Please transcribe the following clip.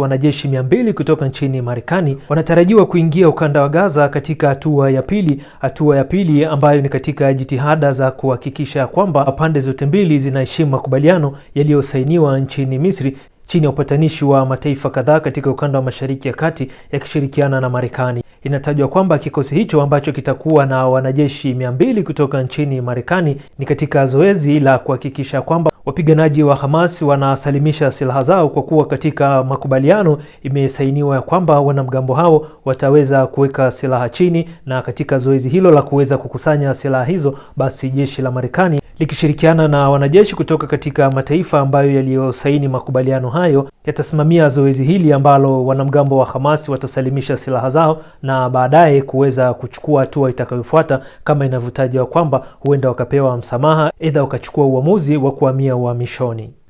Wanajeshi 200 kutoka nchini Marekani wanatarajiwa kuingia ukanda wa Gaza katika hatua ya pili, hatua ya pili ambayo ni katika jitihada za kuhakikisha kwamba pande zote mbili zinaheshimu makubaliano yaliyosainiwa nchini Misri chini ya upatanishi wa mataifa kadhaa katika ukanda wa Mashariki ya Kati yakishirikiana na Marekani. Inatajwa kwamba kikosi hicho ambacho kitakuwa na wanajeshi 200 kutoka nchini Marekani ni katika zoezi la kuhakikisha kwamba wapiganaji wa Hamas wanasalimisha silaha zao, kwa kuwa katika makubaliano imesainiwa kwamba wanamgambo hao wataweza kuweka silaha chini, na katika zoezi hilo la kuweza kukusanya silaha hizo, basi jeshi la Marekani likishirikiana na wanajeshi kutoka katika mataifa ambayo yaliyosaini makubaliano hayo yatasimamia zoezi hili ambalo wanamgambo wa hamasi watasalimisha silaha zao na baadaye kuweza kuchukua hatua itakayofuata, kama inavyotajwa kwamba huenda wakapewa msamaha, aidha wakachukua uamuzi wa kuhamia uhamishoni.